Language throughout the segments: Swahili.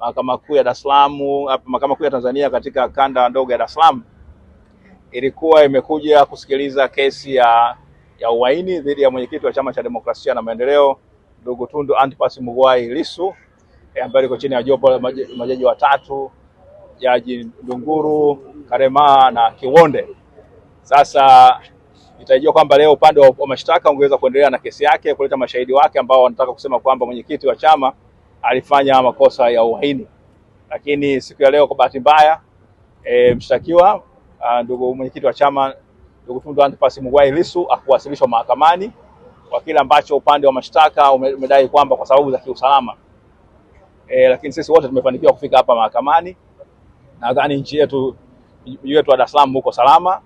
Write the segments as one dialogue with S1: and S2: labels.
S1: Mahakama Kuu ya Dar es Salaam, Mahakama Kuu ya Tanzania katika kanda ndogo ya Dar es Salaam ilikuwa imekuja kusikiliza kesi ya ya uhaini dhidi ya mwenyekiti wa Chama cha Demokrasia na Maendeleo ndugu Tundu Antipas Mugwai Lissu e, ambaye liko chini ya jopo la majaji watatu Jaji Ndunguru, Karema na Kiwonde. Sasa itajua kwamba leo upande wa mashtaka ungeweza kuendelea na kesi yake kuleta mashahidi wake ambao wanataka kusema kwamba mwenyekiti wa chama alifanya makosa ya uhaini, lakini siku ya leo kwa bahati mbaya e, mshtakiwa ndugu mwenyekiti wa chama ndugu Tundu Antipas Mugwai Lissu akuwasilishwa mahakamani kwa kile ambacho upande wa mashtaka umedai kwamba kwa sababu za kiusalama e, lakini sisi wote tumefanikiwa kufika hapa mahakamani. Nadhani nchi yetu yetu wetu wa Dar es Salaam huko salama,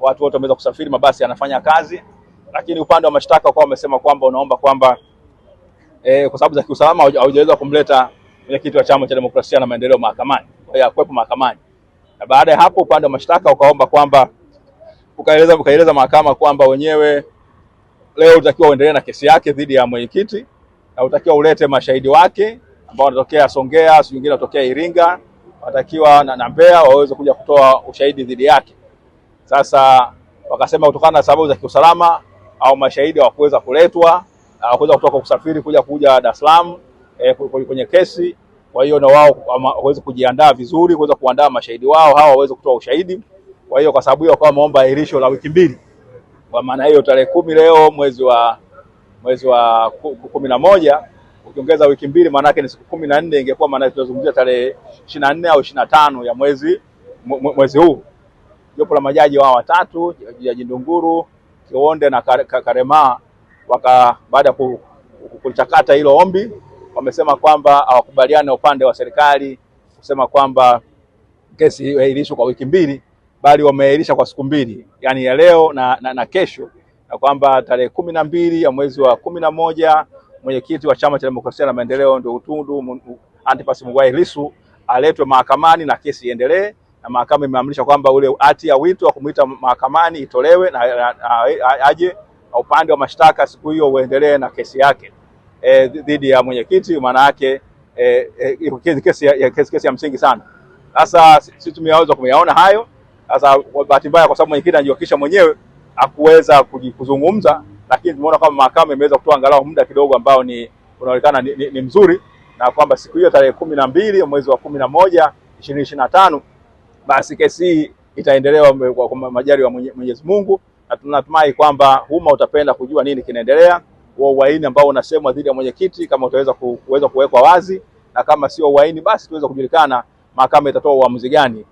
S1: watu wote wameweza kusafiri, mabasi yanafanya kazi, lakini upande wa mashtaka kwa wamesema kwamba unaomba kwamba eh, kwa sababu za kiusalama haujaweza kumleta mwenyekiti wa Chama cha Demokrasia na Maendeleo mahakamani, kwa hiyo hakuwepo mahakamani. Na baada ya hapo upande wa mashtaka ukaomba kwamba ukaeleza ukaeleza mahakama kwamba wenyewe leo utakiwa uendelee na kesi yake dhidi ya mwenyekiti na utakiwa ulete mashahidi wake ambao wanatokea Songea, si wengine wanatokea Iringa, watakiwa na Mbeya waweze kuja kutoa ushahidi dhidi yake. Sasa wakasema kutokana na sababu za kiusalama au mashahidi hawakuweza kuletwa hawakuweza ah, kutoka kusafiri kuja kuja Dar es Salaam eh, kwenye kesi. Kwa hiyo na wao waweze kujiandaa vizuri kuweza kuandaa mashahidi wao hawa waweze kutoa ushahidi. Kwa hiyo kwa sababu hiyo kwa maomba ahirisho la wiki mbili. Kwa maana hiyo tarehe kumi leo mwezi wa mwezi wa kumi na moja ukiongeza wiki mbili maana yake ni siku kumi na nne ingekuwa maana tunazungumzia tarehe ishirini na nne au ishirini na tano ya mwezi mwezi huu. Jopo la majaji wao watatu, Jaji Ndunguru, Kionde na Karema waka baada ya kulichakata hilo ombi wamesema kwamba hawakubaliani na upande wa serikali kusema kwamba kesi hiyo iahirishwe kwa wiki mbili, bali wameahirisha kwa siku mbili, yaani ya leo na, na, na kesho, na kwamba tarehe kumi na mbili ya mwezi wa kumi na moja mwenyekiti wa Chama cha Demokrasia na Maendeleo ndio Tundu Antipas Mughwai Lissu aletwe mahakamani na kesi iendelee, na mahakama imeamrisha kwamba ule hati ya wito wa kumwita mahakamani itolewe na aje upande wa mashtaka siku hiyo uendelee na kesi yake e, dhidi ya mwenyekiti, maana yake e, e, kesi ya, kesi, kesi ya msingi sana. Sasa sisi tumeweza kuyaona hayo. Sasa bahati mbaya, kwa sababu mwenyekiti anajiwakisha mwenyewe hakuweza kuzungumza, lakini tumeona kama mahakama imeweza kutoa angalau muda kidogo ambao ni unaonekana ni, ni, ni mzuri na kwamba siku hiyo tarehe kumi na mbili mwezi wa kumi na moja ishirini ishirini na tano basi kesi hii itaendelewa kwa majari wa Mwenyezi Mungu. Natumai kwamba umma utapenda kujua nini kinaendelea, wa uhaini ambao unasemwa dhidi ya mwenyekiti kama utaweza kuweza kuwekwa wazi, na kama sio uhaini basi tuweza kujulikana mahakama itatoa uamuzi gani.